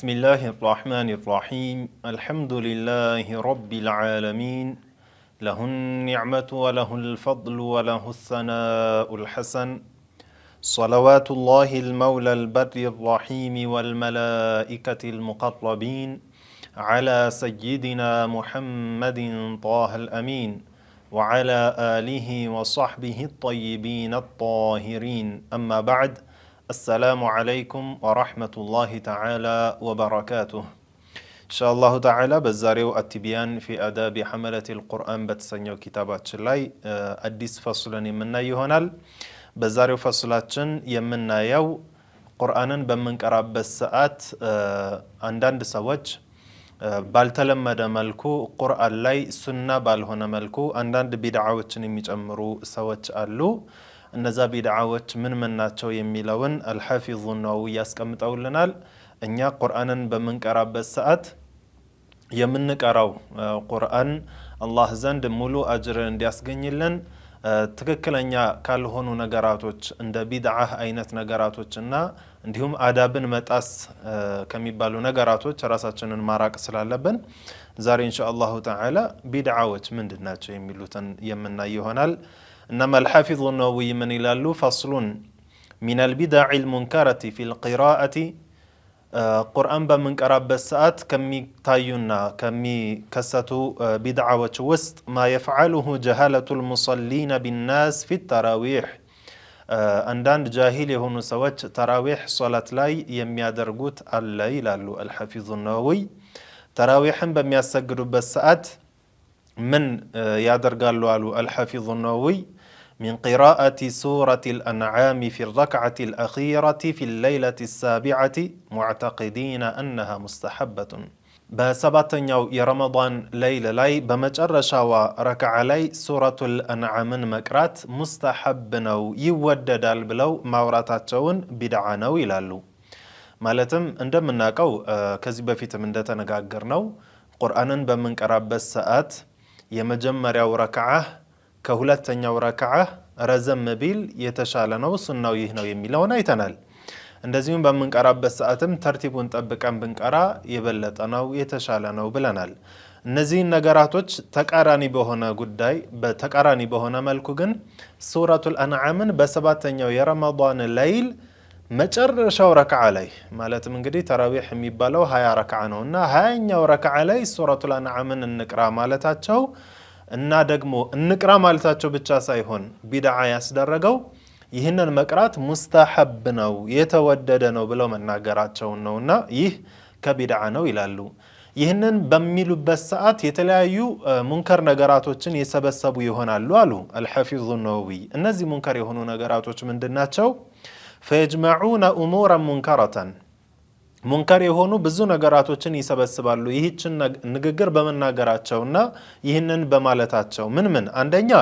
بسم الله الرحمن الرحيم الحمد لله رب العالمين له النعمة وله الفضل وله الثناء الحسن صلوات الله المولى البر الرحيم والملائكة المقربين على سيدنا محمد طه الأمين وعلى آله وصحبه الطيبين الطاهرين أما بعد ۖ Esselamu ዐለይኩም ወረሕመቱላሂ ተዓላ ወበረካቱሁ። ኢንሻአላሁ ተዓላ በዛሬው አቲቢያን ፊ አዳቢ ሐመለቲል ቁርአን በተሰኘው ኪታባችን ላይ uh, አዲስ ፈሱልን የምናይ ይሆናል። በዛሬው ፈሱላችን የምናየው ቁርአንን በምንቀራበት ሰዓት uh, አንዳንድ ሰዎች uh, ባልተለመደ መልኩ ቁርአን ላይ ሱና ባልሆነ መልኩ አንዳንድ ቢድዓዎችን የሚጨምሩ ሰዎች አሉ። እነዛ ቢድዓዎች ምን ምን ናቸው የሚለውን አልሐፊዙ ነው ያስቀምጠውልናል። እኛ ቁርአንን በምንቀራበት ሰዓት የምንቀራው ቁርአን አላህ ዘንድ ሙሉ አጅር እንዲያስገኝልን ትክክለኛ ካልሆኑ ነገራቶች እንደ ቢድዓ አይነት ነገራቶች እንዲሁም አዳብን መጣስ ከሚባሉ ነገራቶች ራሳችንን ማራቅ ስላለብን ዛሬ ኢንሻ አላሁ ተዓላ ቢድዓዎች ምንድን ናቸው የሚሉትን የምናይ ይሆናል። إنما الحافظ النووي من إلى فصل من البدع المنكرة في القراءة آه، قرآن بمنكرة بسات كمي تايونا كمي كساتو آه، بدعة وشوست ما يفعله جهالة المصلين بالناس في التراويح آه، أندان جاهلي هون سوات تراويح صلاة لاي يميا درقوت الليل الحافظ النووي تراويح بمياسقر بسات من يادر قالوا الحافظ النووي من قراءة سورة الأنعام في الركعة الأخيرة في الليلة السابعة معتقدين أنها مستحبة በሰባተኛው የረመዳን ለይል ላይ በመጨረሻዋ ረክዓ ላይ ሱረቱል አንዓምን መቅራት ሙስተሐብ ነው ይወደዳል ብለው ማውራታቸውን ቢድዓ ነው ይላሉ። ማለትም እንደምናውቀው ከዚህ በፊትም እንደተነጋገር ነው ቁርአንን በምንቀራበት ሰዓት የመጀመሪያው ረክዓ ከሁለተኛው ረክዓ ረዘም ቢል የተሻለ ነው፣ ሱናው ይህ ነው የሚለውን አይተናል። እንደዚሁም በምንቀራበት ሰዓትም ተርቲቡን ጠብቀን ብንቀራ የበለጠ ነው የተሻለ ነው ብለናል። እነዚህን ነገራቶች ተቃራኒ በሆነ ጉዳይ በተቃራኒ በሆነ መልኩ ግን ሱረቱል አንዓምን በሰባተኛው የረመዳን ለይል መጨረሻው ረክዓ ላይ ማለትም እንግዲህ ተራዊሕ የሚባለው ሀያ ረክዓ ነው እና ሀያኛው ረክዓ ላይ ሱረቱል አንዓምን እንቅራ ማለታቸው እና ደግሞ እንቅራ ማለታቸው ብቻ ሳይሆን ቢድዓ ያስደረገው ይህንን መቅራት ሙስተሐብ ነው የተወደደ ነው ብለው መናገራቸውን ነውና ይህ ከቢድዓ ነው ይላሉ። ይህንን በሚሉበት ሰዓት የተለያዩ ሙንከር ነገራቶችን የሰበሰቡ ይሆናሉ አሉ አልሐፊዙ ነወዊ። እነዚህ ሙንከር የሆኑ ነገራቶች ምንድናቸው? ፈየጅመዑነ ኡሙረን ሙንከረተን ሙንከር የሆኑ ብዙ ነገራቶችን ይሰበስባሉ። ይህችን ንግግር በመናገራቸውና ይህንን በማለታቸው ምን ምን አንደኛ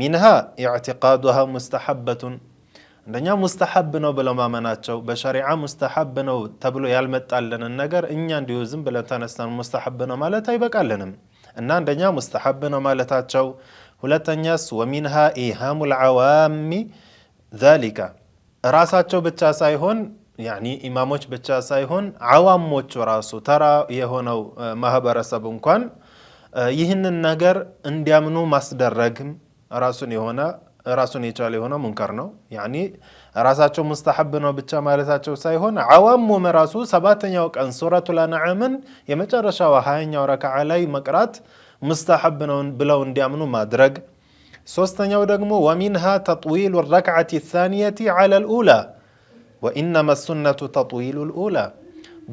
ሚንሃ ኢዕቲቃዱሃ ሙስተሐበቱን እንደኛ ሙስተሐብ ነው ብለው ማመናቸው በሸሪዓ ሙስተሐብ ነው ተብሎ ያልመጣልንን ነገር እኛ እንዲሁ ዝም ብለን ተነስተን ሙስተሐብ ነው ማለት አይበቃልንም እና አንደኛ ሙስተሐብ ነው ማለታቸው፣ ሁለተኛስ ወሚንሃ ኢሃሙ ልዓዋሚ ዛሊካ ራሳቸው ብቻ ሳይሆን ያኒ ኢማሞች ብቻ ሳይሆን አዋሞቹ ራሱ ተራ የሆነው ማህበረሰብ እንኳን ይህንን ነገር እንዲያምኑ ማስደረግም ራሱን የሆነ ራሱን የቻለ የሆነ ሙንከር ነው። ያኒ ራሳቸው ሙስተሐብ ነው ብቻ ማለታቸው ሳይሆን አዋሙም ራሱ ሰባተኛው ቀን ሱረቱል አንዓምን የመጨረሻው ሀያኛው ረክዓ ላይ መቅራት ሙስተሐብ ነው ብለው እንዲያምኑ ማድረግ። ሶስተኛው ደግሞ ወሚንሃ ተጥዊሉ ረክዓቲ ሳኒየቲ ዐለል ኡላ ወኢነማ ሱነቱ ተጥዊሉል ኡላ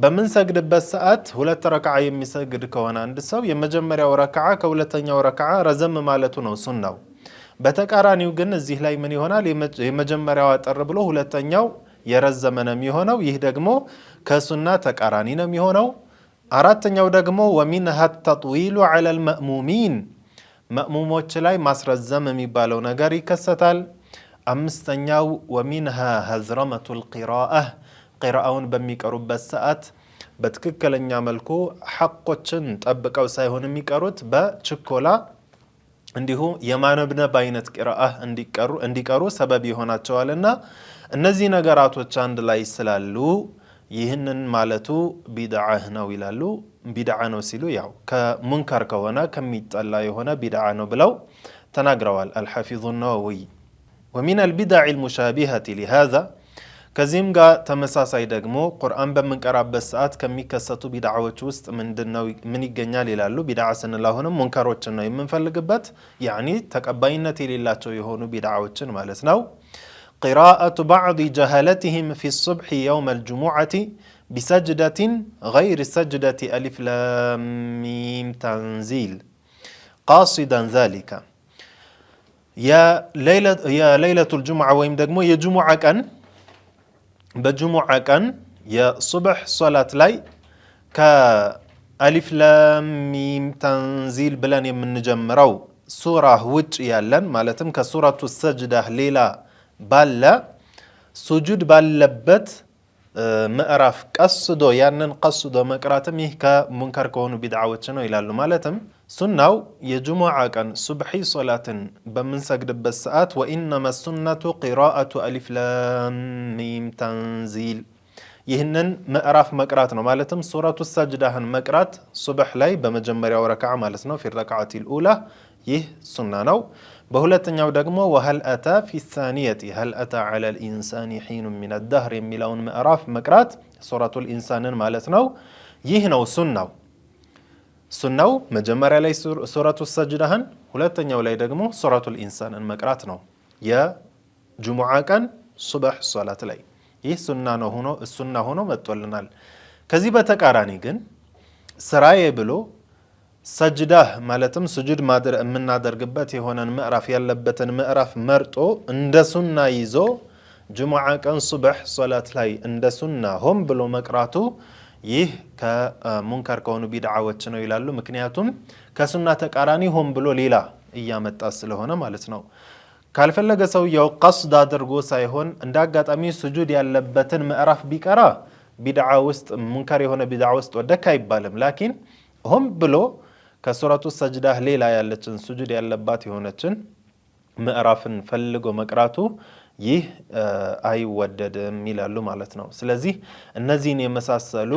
በምንሰግድበት ሰዓት ሁለት ረክዓ የሚሰግድ ከሆነ አንድ ሰው የመጀመሪያው ረክዓ ከሁለተኛው ረክዓ ረዘም ማለቱ ነው ሱናው። በተቃራኒው ግን እዚህ ላይ ምን ይሆናል? የመጀመሪያው አጠር ብሎ ሁለተኛው የረዘመ ነው የሚሆነው። ይህ ደግሞ ከሱና ተቃራኒ ነው የሚሆነው። አራተኛው ደግሞ ወሚንሃ ተጥዊሉ ዐለል መእሙሚን መእሙሞች ላይ ማስረዘም የሚባለው ነገር ይከሰታል። አምስተኛው ወሚንሃ ሀዝረመቱል ቂራአ ቂራአውን በሚቀሩበት ሰዓት በትክክለኛ መልኩ ሐቆችን ጠብቀው ሳይሆን የሚቀሩት በችኮላ እንዲሁ የማነብነብ አይነት ቂራአ እንዲቀሩ ሰበብ ይሆናቸዋልና እነዚህ ነገራቶች አንድ ላይ ስላሉ ይህንን ማለቱ ቢድዓህ ነው ይላሉ። ቢድዓ ነው ሲሉ ያው ከሙንከር ከሆነ ከሚጠላ የሆነ ቢድዓ ነው ብለው ተናግረዋል አልሐፊዙ ነወዊይ ومن البدع المشابهة لهذا كزيم غا تمسا سايدقمو قرآن بمن كراب بسات كمي كساتو بدعا وچوست من دنو من يغنيا للالو بدعا سن الله هنم منكر وچنو يمن فلقبت يعني تكباينة لله تو يهونو بدعا وچن مالسنو قراءة بعض جهالتهم في الصبح يوم الجمعة بسجدة غير سجدة ألف لام ميم تنزيل قاصدا ذلك የለይለቱል ጁሙዓ ወይም ደግሞ የጁሙዓ ቀን በጁሙዓ ቀን የሱብሕ ሶላት ላይ ከአሊፍ ለሚም ተንዚል ብለን የምንጀምረው ሱራ ውጭ ያለን ማለትም ከሱራቱ ሰጅዳ ሌላ ባለ ሱጁድ ባለበት ምዕራፍ ቀስዶ ያንን ቀስዶ መቅራትም ይህ ከሙንከር ከሆኑ ቢድዓዎች ነው ይላሉ። ማለትም سنو يجمع كان صبحي صلاة بمنسك دبس ساعات وإنما السنة قراءة ألف لام ميم تنزيل يهنن مأراف مقرات مالتم سورة السجدة هن مقرات صبح لي بمجمري وركع مالتنا في الركعة الأولى يه سنة نو بهولتن يو وهل أتى في الثانية هل أتى على الإنسان حين من الدهر ملون مأراف مقرات سورة الإنسان مالتنا يهنو سنة نو ሱናው መጀመሪያ ላይ ሱረቱ ሰጅዳህን ሁለተኛው ላይ ደግሞ ሱረቱል ኢንሳንን መቅራት ነው። የጅሙዓ ቀን ሱበህ ሶላት ላይ ይህ ሱና ሆኖ መጥቶልናል። ከዚህ በተቃራኒ ግን ስራዬ ብሎ ሰጅዳህ ማለትም ስጁድ የምናደርግበት የሆነን ምዕራፍ ያለበትን ምዕራፍ መርጦ እንደ ሱና ይዞ ጅሙዓ ቀን ሱበህ ሶላት ላይ እንደ ሱና ሆን ብሎ መቅራቱ ይህ ከሙንከር ከሆኑ ቢድዓዎች ነው ይላሉ። ምክንያቱም ከሱና ተቃራኒ ሆን ብሎ ሌላ እያመጣ ስለሆነ ማለት ነው። ካልፈለገ ሰውየው ቀስድ አድርጎ ሳይሆን እንደ አጋጣሚ ስጁድ ያለበትን ምዕራፍ ቢቀራ ቢድዓ ውስጥ ሙንከር የሆነ ቢድዓ ውስጥ ወደክ አይባልም። ላኪን ሆን ብሎ ከሱረቱ ሰጅዳ ሌላ ያለችን ስጁድ ያለባት የሆነችን ምዕራፍን ፈልጎ መቅራቱ ይህ አይወደድም ይላሉ ማለት ነው። ስለዚህ እነዚህን የመሳሰሉ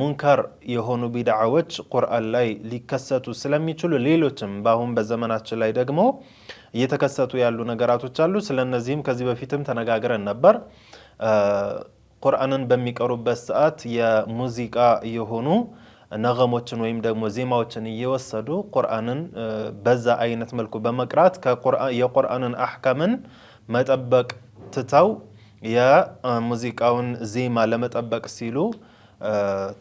ሙንከር የሆኑ ቢድዓዎች ቁርአን ላይ ሊከሰቱ ስለሚችሉ ሌሎችም በአሁን በዘመናችን ላይ ደግሞ እየተከሰቱ ያሉ ነገራቶች አሉ። ስለነዚህም ከዚህ በፊትም ተነጋግረን ነበር። ቁርአንን በሚቀሩበት ሰዓት የሙዚቃ የሆኑ ነገሞችን ወይም ደግሞ ዜማዎችን እየወሰዱ ቁርአንን በዛ አይነት መልኩ በመቅራት የቁርአንን አህከምን። መጠበቅ ትተው የሙዚቃውን ዜማ ለመጠበቅ ሲሉ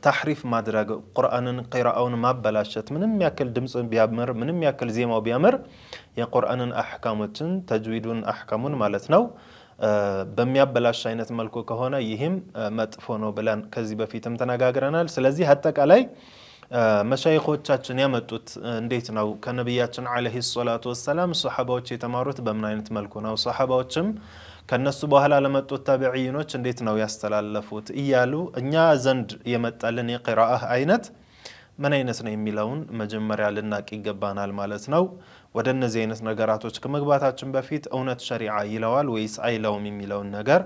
ታሕሪፍ ማድረግ ቁርአንን ቂራአውን ማበላሸት፣ ምንም ያክል ድምፅ ቢያምር ምንም ያክል ዜማው ቢያምር የቁርአንን አሕካሞችን ተጅዊዱን አሕካሙን ማለት ነው በሚያበላሽ አይነት መልኩ ከሆነ ይህም መጥፎ ነው ብለን ከዚህ በፊትም ተነጋግረናል። ስለዚህ አጠቃላይ መሻይኮቻችን ያመጡት እንዴት ነው? ከነቢያችን ዓለይሂ ሰላቱ ወሰላም ሰሓባዎች የተማሩት በምን አይነት መልኩ ነው? ሰሓባዎችም ከነሱ በኋላ ለመጡት ታቢዒኖች እንዴት ነው ያስተላለፉት? እያሉ እኛ ዘንድ የመጣልን የቅራአህ አይነት ምን አይነት ነው የሚለውን መጀመሪያ ልናቅ ይገባናል ማለት ነው። ወደ እነዚህ አይነት ነገራቶች ከመግባታችን በፊት እውነት ሸሪዓ ይለዋል ወይስ አይለውም የሚለውን ነገር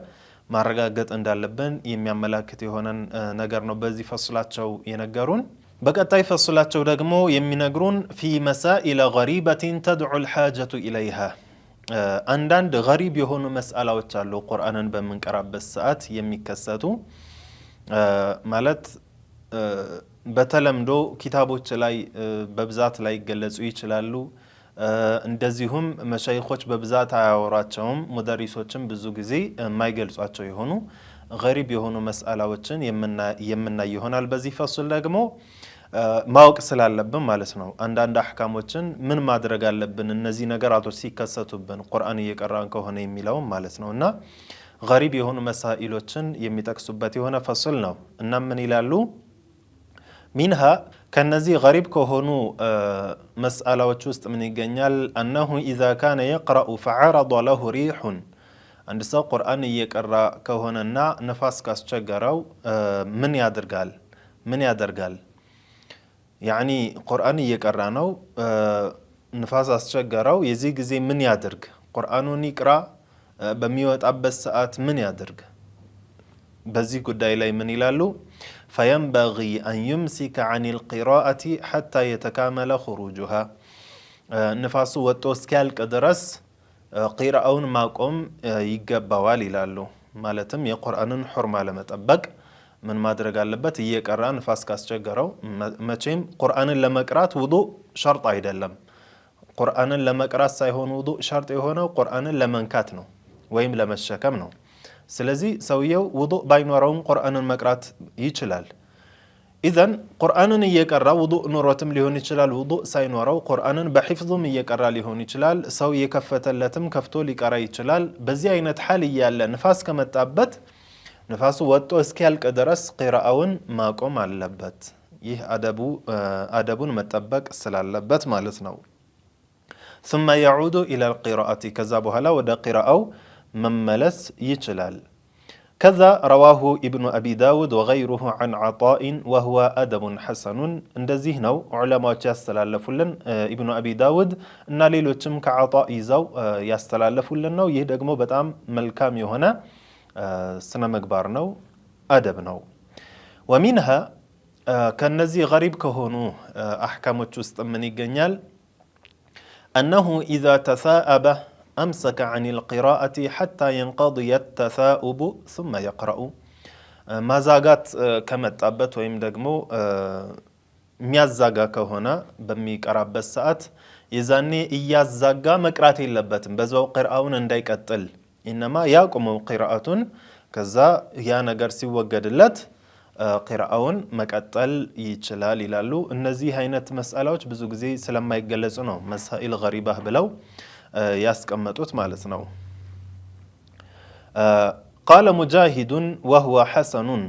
ማረጋገጥ እንዳለብን የሚያመላክት የሆነን ነገር ነው በዚህ ፈስላቸው የነገሩን። በቀጣይ ፈሱላቸው ደግሞ የሚነግሩን ፊ መሳኢለ ገሪበቲን ተድዑ ልሓጀቱ ኢለይሃ አንዳንድ ገሪብ የሆኑ መስአላዎች አሉ። ቁርአንን በምንቀራበት ሰዓት የሚከሰቱ ማለት በተለምዶ ኪታቦች ላይ በብዛት ላይ ይገለጹ ይችላሉ። እንደዚሁም መሸይኮች በብዛት አያወሯቸውም። ሙደሪሶችን ብዙ ጊዜ የማይገልጿቸው የሆኑ ገሪብ የሆኑ መስአላዎችን የምናይ ይሆናል። በዚህ ፈሱል ደግሞ ማወቅ ስላለብን ማለት ነው። አንዳንድ አሕካሞችን ምን ማድረግ አለብን እነዚህ ነገራቶች ሲከሰቱብን ቁርአን እየቀራን ከሆነ የሚለውም ማለት ነው እና ገሪብ የሆኑ መሳኢሎችን የሚጠቅሱበት የሆነ ፈሱል ነው እና ምን ይላሉ ሚንሃ ከነዚህ ገሪብ ከሆኑ መስአላዎች ውስጥ ምን ይገኛል? አነሁ ኢዛ ካነ የቅረኡ ፈዓረض ለሁ ሪሑን አንድ ሰው ቁርአን እየቀራ ከሆነና ነፋስ ካስቸገረው ምን ያደርጋል? ምን ያደርጋል? يعني قرآن يقرأناو نفاس أستشقراو يزيك زي من يادرق قرآن يقرا بميوت عباس ساعات من يادرق بزيكو دايلاي من يلالو فينبغي أن يمسك عن القراءة حتى يتكامل خروجها نفاسو وتوسكال كدرس قراءون ماكم بوالي لالو مالتم يقرآن حرمة لما تبقى ምን ማድረግ አለበት? እየቀራ ንፋስ ካስቸገረው። መቼም ቁርአንን ለመቅራት ውዱእ ሸርጥ አይደለም። ቁርአንን ለመቅራት ሳይሆን ውዱእ ሸርጥ የሆነው ቁርአንን ለመንካት ነው ወይም ለመሸከም ነው። ስለዚህ ሰውየው ውዱእ ባይኖረውም ቁርአንን መቅራት ይችላል። ኢዘን ቁርአንን እየቀራ ውዱእ ኑሮትም ሊሆን ይችላል። ውዱእ ሳይኖረው ቁርአንን በሒፍዙም እየቀራ ሊሆን ይችላል። ሰው የከፈተለትም ከፍቶ ሊቀራ ይችላል። በዚህ አይነት ሐል እያለ ንፋስ ከመጣበት ነፋሱ ወጥቶ እስኪያልቅ ድረስ ቂራአውን ማቆም አለበት። ይህ አደቡን መጠበቅ ስላለበት ማለት ነው። ثم يعود إلى القراءة ከዛ በኋላ ወደ ቂራአው መመለስ ይችላል። ከዛ ረዋሁ ኢብኑ አቢ ዳውድ ወገይሩሁ ዐን ዐጣኢን ወሁወ አደቡን ሐሰኑን። እንደዚህ ነው ዑለማዎች ያስተላለፉልን ኢብኑ አቢ ዳውድ እና ሌሎችም ከዐጣ ይዘው ያስተላለፉልን ነው። ይህ ደግሞ በጣም መልካም የሆነ ስነ ምግባር ነው፣ አደብ ነው። ወሚንሃ ከነዚህ ገሪብ ከሆኑ አሕካሞች ውስጥ ምን ይገኛል? አነሁ ኢዛ ተሳአበ አምሰከ ዐን ልቅራአቲ ሐታ የንቀድየ ተሳኡቡ ثመ የቅረኡ ማዛጋት ከመጣበት ወይም ደግሞ የሚያዛጋ ከሆነ በሚቀራበት ሰዓት የዛኔ እያዛጋ መቅራት የለበትም። በዛው ቅርአውን እንዳይቀጥል ኢነማ ያቁመው ቂራአቱን ከዛ ያ ነገር ሲወገድለት ቂራአውን መቀጠል ይችላል ይላሉ። እነዚህ አይነት መስአላዎች ብዙ ጊዜ ስለማይገለጹ ነው መሳኢል ገሪባህ ብለው ያስቀመጡት ማለት ነው። ቃለ ሙጃሂዱን ወህወ ሐሰኑን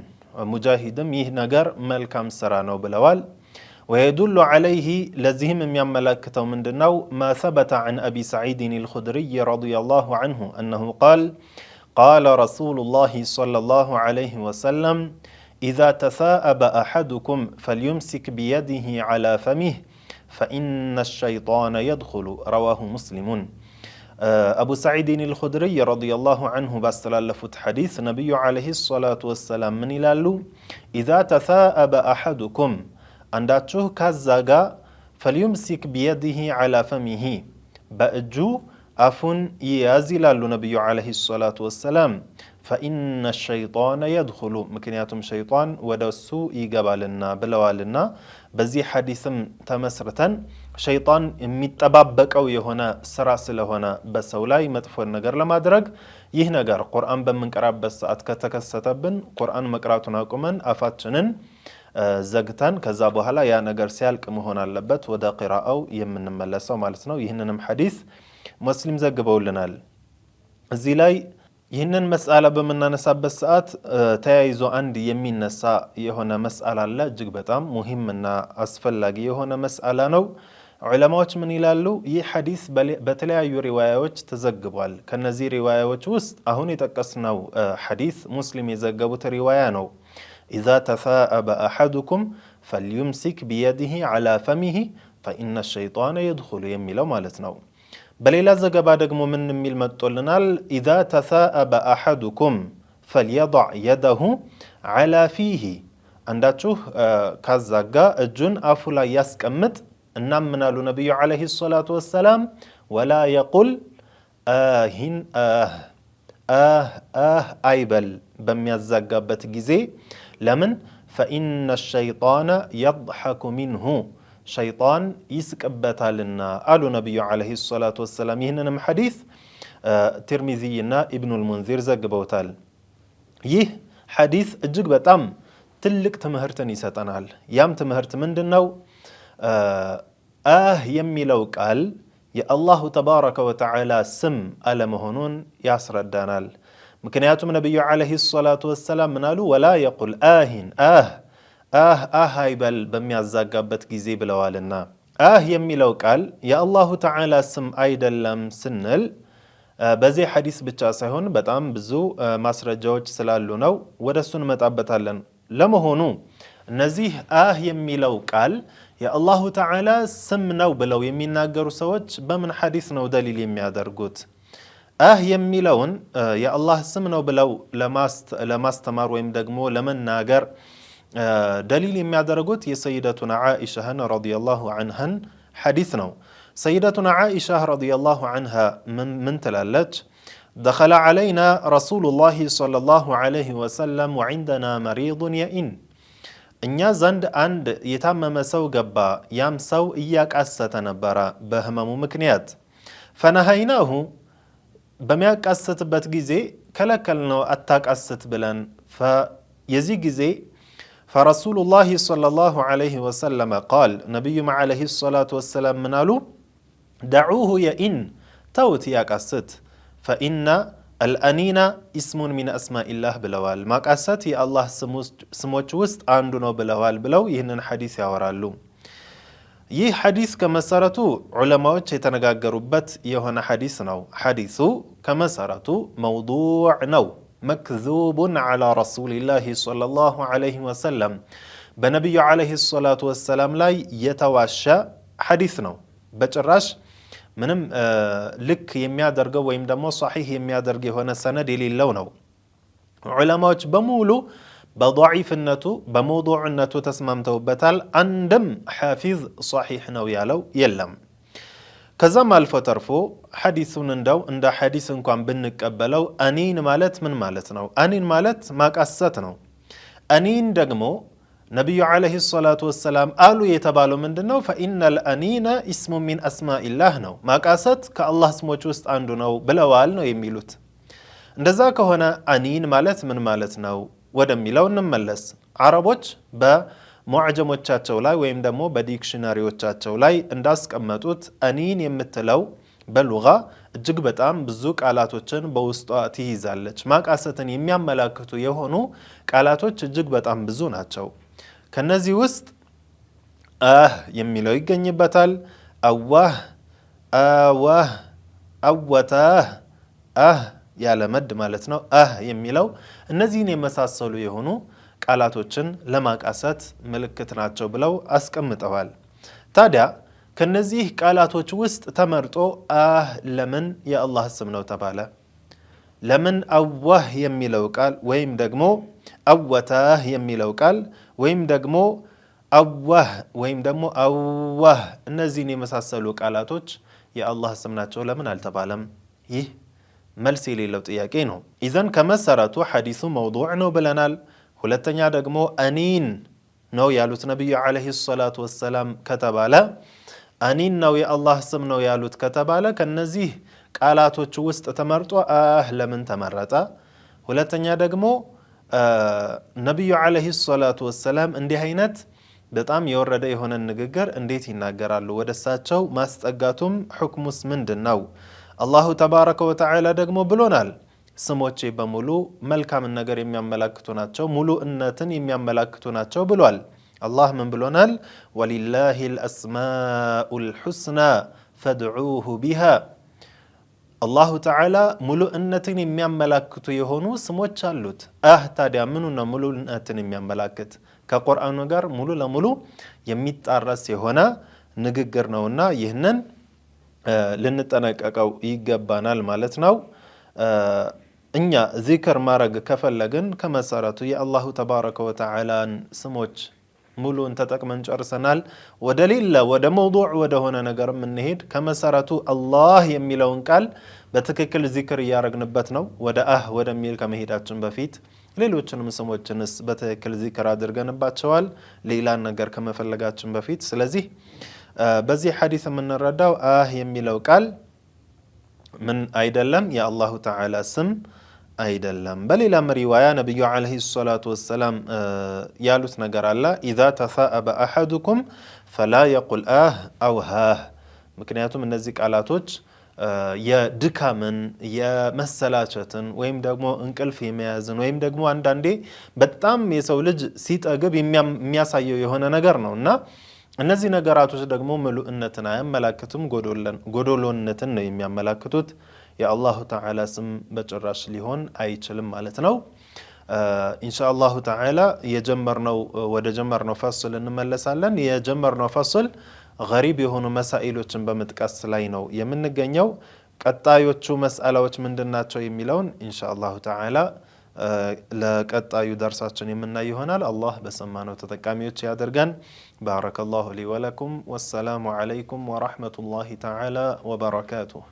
ሙጃሂድም ይህ ነገር መልካም ስራ ነው ብለዋል። ويدل عليه لزهم يملك من دنو ما ثبت عن أبي سعيد الخدري رضي الله عنه أنه قال قال رسول الله صلى الله عليه وسلم إذا تثاءب أحدكم فليمسك بيده على فمه فإن الشيطان يدخل رواه مسلم آه، أبو سعيد الخدري رضي الله عنه باستلالفت حديث نبي عليه الصلاة والسلام من إلالو إذا تثاءب أحدكم አንዳችሁ ካዛጋ ፈልዩምሲክ ቢየዲሂ ዓላ ፈሚሂ በእጁ አፉን ይያዝ ይላሉ ነቢዩ ዓለይሂ ሰላቱ ወሰላም። ፈኢነ ሸይጣነ የድኹሉ ምክንያቱም ሸይጣን ወደ እሱ ይገባልና ብለዋልና። በዚህ ሐዲስም ተመስርተን ሸይጣን የሚጠባበቀው የሆነ ስራ ስለሆነ በሰው ላይ መጥፎን ነገር ለማድረግ ይህ ነገር ቁርአን በምንቀራበት ሰዓት ከተከሰተብን ቁርአን መቅራቱን አቁመን አፋችንን ዘግተን ከዛ በኋላ ያ ነገር ሲያልቅ መሆን አለበት ወደ ቂራአው የምንመለሰው ማለት ነው። ይህንንም ሐዲስ ሙስሊም ዘግበውልናል። እዚህ ላይ ይህንን መስአላ በምናነሳበት ሰዓት ተያይዞ አንድ የሚነሳ የሆነ መስአላ አለ። እጅግ በጣም ሙሂም እና አስፈላጊ የሆነ መስአላ ነው። ዑለማዎች ምን ይላሉ? ይህ ሐዲስ በተለያዩ ሪዋያዎች ተዘግቧል። ከነዚህ ሪዋያዎች ውስጥ አሁን የጠቀስነው ሐዲስ ሙስሊም የዘገቡት ሪዋያ ነው። ኢዛ ተሳአበ አሐዱኩም ፈልዩምሲክ ቢየድህ አላ ፈሚህ ፈኢነ ሸይጣነ የድኹሉ የሚለው ማለት ነው። በሌላ ዘገባ ደግሞ ምን የሚል መጦልናል ኢዛ ተሳአበ አሐዱኩም ፈልየضዕ የደሁ አላ ፊህ አንዳችሁ ካዛጋ እጁን አፉ ላይ ያስቀምጥ እናም ምናሉ ነቢዩ ዓለይሂ ሰላቱ ወሰላም ወላ የቁል አህ አህ አይበል በሚያዛጋበት ጊዜ ለምን ፈኢነ ሸይጣነ የضሐኩ ሚንሁ ሸይጣን ይስቅበታልና አሉ ነቢዩ ዓለይሂ ሰላቱ ወሰላም። ይህንንም ሐዲስ ቲርሚዚይና ኢብኑል ሙንዚር ዘግበውታል። ይህ ሐዲስ እጅግ በጣም ትልቅ ትምህርትን ይሰጠናል። ያም ትምህርት ምንድን ነው? አህ የሚለው ቃል የአላሁ ተባረከ ወተዓላ ስም አለመሆኑን ያስረዳናል። ምክንያቱም ነቢዩ ዓለይሂ ሰላቱ ወሰላም ምናሉ ወላ የቁል አህን አህ አህ አህ አይበል በሚያዛጋበት ጊዜ ብለዋልና። አህ የሚለው ቃል የአላሁ ተዓላ ስም አይደለም ስንል በዚህ ሐዲስ ብቻ ሳይሆን በጣም ብዙ ማስረጃዎች ስላሉ ነው። ወደ እሱ እንመጣበታለን። ለመሆኑ እነዚህ አህ የሚለው ቃል የአላሁ ተዓላ ስም ነው ብለው የሚናገሩ ሰዎች በምን ሐዲስ ነው ደሊል የሚያደርጉት? አህ የሚለውን የአላህ ስም ነው ብለው ለማስተማር ወይም ደግሞ ለመናገር ደሊል የሚያደርጉት የሰይደቱና ዓኢሻህን ረዲየላሁ አንሃን ሐዲስ ነው። ሰይደቱና ዓኢሻህ ረዲየላሁ አንሃ ምን ትላለች? ደኸለ ዓለይና ረሱሉላሂ ሰለላሁ ዓለይሂ ወሰለም ወዒንደና መሪዱን የኢን እኛ ዘንድ አንድ የታመመ ሰው ገባ። ያም ሰው እያቃሰተ ነበረ በህመሙ ምክንያት ፈነሃይናሁ በሚያቃስትበት ጊዜ ከለከልነው አታቃስት ብለን የዚህ ጊዜ ፈረሱሉላሂ ሰለላሁ ዐለይሂ ወሰለመ ቃል ነቢዩም ዐለይሂ ሰላቱ ወሰላም ምናሉ ደዑሁ የኢን ተውት ያቃስት ፈኢና አልአኒና ኢስሙን ሚን አስማኢላህ ብለዋል። ማቃሰት የአላህ ስሞች ውስጥ አንዱ ነው ብለዋል ብለው ይህንን ሐዲስ ያወራሉ። ይህ ሐዲስ ከመሰረቱ ዑለማዎች የተነጋገሩበት የሆነ ሐዲስ ነው። ሐዲሱ ከመሰረቱ መውዱዕ ነው። መክዙቡን ዓላ ረሱሊላሂ ሶለላሁ ዐለይሂ ወሰለም በነቢዩ ዐለይሂ ሰላቱ ወሰላም ላይ የተዋሸ ሐዲስ ነው። በጭራሽ ምንም ልክ የሚያደርገው ወይም ደግሞ ሰሒህ የሚያደርግ የሆነ ሰነድ የሌለው ነው። ዑለማዎች በሙሉ በደዒፍነቱ በመውዱዕነቱ ተስማምተውበታል። አንድም ሐፊዝ ሰሒሕ ነው ያለው የለም። ከዛም አልፎ ተርፎ ሐዲሱን እንደው እንደ ሐዲስ እንኳን ብንቀበለው አኒን ማለት ምን ማለት ነው? አኒን ማለት ማቃሰት ነው። አኒን ደግሞ ነቢዩ ዓለይሂ ሰላቱ ወሰላም አሉ የተባለው ምንድን ነው? ፈኢነል አኒነ ኢስሙ ሚን አስማኢላህ ነው። ማቃሰት ከአላህ ስሞች ውስጥ አንዱ ነው ብለዋል ነው የሚሉት። እንደዛ ከሆነ አኒን ማለት ምን ማለት ነው? ወደሚለው እንመለስ። አረቦች በሙዕጀሞቻቸው ላይ ወይም ደግሞ በዲክሽነሪዎቻቸው ላይ እንዳስቀመጡት አኒን የምትለው በሉጋ እጅግ በጣም ብዙ ቃላቶችን በውስጧ ትይዛለች። ማቃሰትን የሚያመላክቱ የሆኑ ቃላቶች እጅግ በጣም ብዙ ናቸው። ከነዚህ ውስጥ አህ የሚለው ይገኝበታል። አዋህ፣ አዋህ፣ አወታህ፣ አህ ያለ መድ ማለት ነው አህ የሚለው እነዚህን የመሳሰሉ የሆኑ ቃላቶችን ለማቃሰት ምልክት ናቸው ብለው አስቀምጠዋል። ታዲያ ከነዚህ ቃላቶች ውስጥ ተመርጦ አህ ለምን የአላህ ስም ነው ተባለ? ለምን አዋህ የሚለው ቃል ወይም ደግሞ አወታህ የሚለው ቃል ወይም ደግሞ አዋህ ወይም ደግሞ አዋህ እነዚህን የመሳሰሉ ቃላቶች የአላህ ስም ናቸው ለምን አልተባለም? ይህ መልስ የሌለው ጥያቄ ነው። ኢዘን ከመሰረቱ ሐዲሱ መውዱዕ ነው ብለናል። ሁለተኛ ደግሞ አኒን ነው ያሉት ነቢዩ ዓለይሂ ሰላቱ ወሰላም ከተባለ አኒን ነው የአላህ ስም ነው ያሉት ከተባለ ከነዚህ ቃላቶች ውስጥ ተመርጦ አህ ለምን ተመረጠ? ሁለተኛ ደግሞ ነቢዩ ዓለይሂ ሰላቱ ወሰላም እንዲህ አይነት በጣም የወረደ የሆነ ንግግር እንዴት ይናገራሉ? ወደ እሳቸው ማስጠጋቱም ሕክሙስ ምንድን ነው? አላሁ ተባረከ ወተዓላ ደግሞ ብሎናል፣ ስሞቼ በሙሉ መልካምን ነገር የሚያመላክቱ ናቸው፣ ሙሉእነትን የሚያመላክቱ ናቸው ብሏል። አላህ ምን ብሎናል? ወሊላሂ ልአስማኡል ሑስና ፈድዑሁ ቢሃ። አላሁ ተዓላ ሙሉእነትን የሚያመላክቱ የሆኑ ስሞች አሉት። አህ ታዲያ ምኑ ነው ሙሉእነትን የሚያመላክት? ከቁርአኑ ጋር ሙሉ ለሙሉ የሚጣረስ የሆነ ንግግር ነውና ይህንን ልንጠነቀቀው ይገባናል ማለት ነው። እኛ ዚክር ማድረግ ከፈለግን ከመሰረቱ የአላሁ ተባረከ ወተዓላን ስሞች ሙሉን ተጠቅመን ጨርሰናል። ወደ ወደ መውዱዕ ወደሆነ ነገር የምንሄድ ከመሰረቱ አላህ የሚለውን ቃል በትክክል ዚክር እያደረግንበት ነው። ወደ አህ ወደሚል ከመሄዳችን በፊት ሌሎችንም ስሞችንስ በትክክል ዚክር አድርገንባቸዋል። ሌላን ነገር ከመፈለጋችን በፊት ስለዚህ በዚህ ሐዲስ የምንረዳው አህ የሚለው ቃል ምን አይደለም፣ የአላሁ ተዓላ ስም አይደለም። በሌላም ሪዋያ ነቢዩ ዓለይሂ ሰላቱ ወሰላም ያሉት ነገር አለ ኢዛ ተሳአበ አሐዱኩም ፈላ የቁል አህ አው ሃህ። ምክንያቱም እነዚህ ቃላቶች የድካምን የመሰላቸትን ወይም ደግሞ እንቅልፍ የመያዝን ወይም ደግሞ አንዳንዴ በጣም የሰው ልጅ ሲጠግብ የሚያሳየው የሆነ ነገር ነው እና እነዚህ ነገራቶች ደግሞ ምሉእነትን አያመላክቱም፣ ጎዶሎነትን ነው የሚያመላክቱት። የአላሁ ተዓላ ስም በጭራሽ ሊሆን አይችልም ማለት ነው። ኢንሻአላሁ አላሁ ተዓላ የጀመርነው ወደ ጀመርነው ፈስል እንመለሳለን። የጀመርነው ፈስል ገሪብ የሆኑ መሳኢሎችን በመጥቀስ ላይ ነው የምንገኘው። ቀጣዮቹ መስአላዎች ምንድን ናቸው የሚለውን ኢንሻ አላሁ ተዓላ ለቀጣዩ ደርሳችን የምናይ ይሆናል። አላህ በሰማነው ተጠቃሚዎች ያደርገን። ባረከ ላሁ ሊ ወለኩም። ወሰላሙ አለይኩም ወራህመቱላሂ ተዓላ ወበረካቱሁ